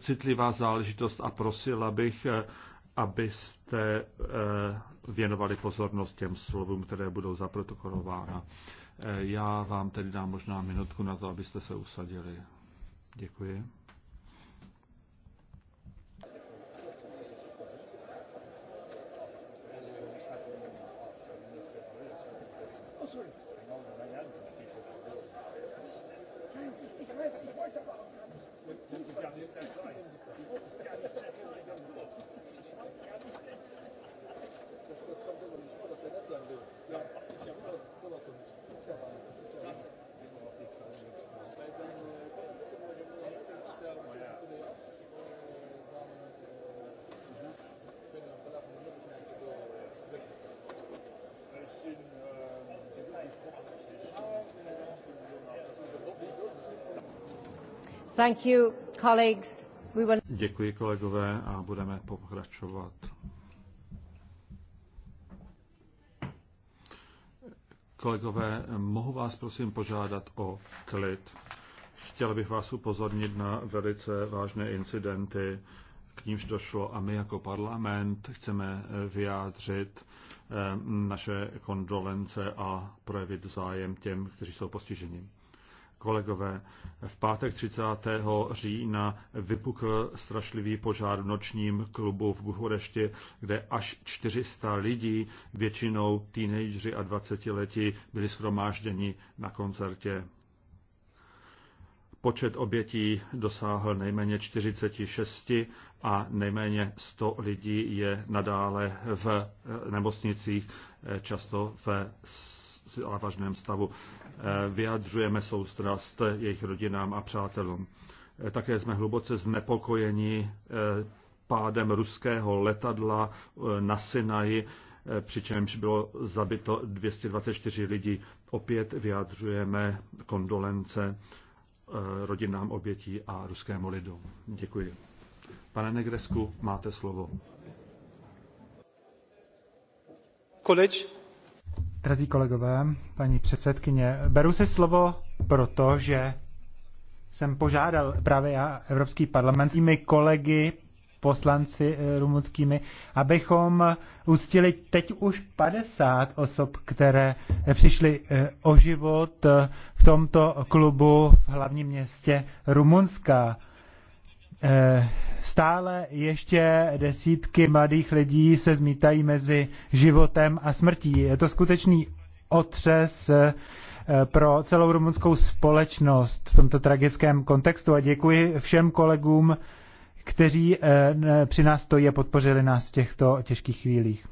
citlivá záležitost a prosila bych, eh, abyste eh, věnovali pozornost těm slovům, které budou zaprotokolována. Eh, já vám tedy dám možná minutku na to, abyste se usadili. Děkuji. Oh, sorry. I know Thank you, colleagues. We will... Děkuji kolegové a budeme pokračovat. Kolegové, mohu vás prosím požádat o klid. Chtěl bych vás upozornit na velice vážné incidenty, k nímž došlo a my jako parlament chceme vyjádřit eh, naše kondolence a projevit zájem těm, kteří jsou postiženi. Kolegové, v pátek 30. října vypukl strašlivý požár v nočním klubu v Buchurešti, kde až 400 lidí, většinou teenageři a 20 leti, byli schromážděni na koncertě. Počet obětí dosáhl nejméně 46 a nejméně 100 lidí je nadále v nemocnicích, často ve závažném stavu. Eh, vyjadřujeme soustrast jejich rodinám a přátelům. Eh, také jsme hluboce znepokojeni eh, pádem ruského letadla na Sinaji, přičemž bylo zabito 224 lidí. Opět vyjadřujeme kondolence rodinám obětí a ruskému lidu. Děkuji. Pane Negresku, máte slovo. Drazí kolegové, paní předsedkyně, beru si slovo proto, že jsem požádal právě já Evropský parlament mými kolegy poslanci eh, rumunskými, abychom uctili teď už 50 osob, které eh, přišly eh, o život v tomto klubu v hlavním městě Rumunska Stále ještě desítky mladých lidí se zmítají mezi životem a smrtí. Je to skutečný otřes eh, pro celou rumunskou společnost v tomto tragickém kontextu a děkuji všem kolegům, kteří eh, při nás stojí a podpořili nás v těchto těžkých chvílích.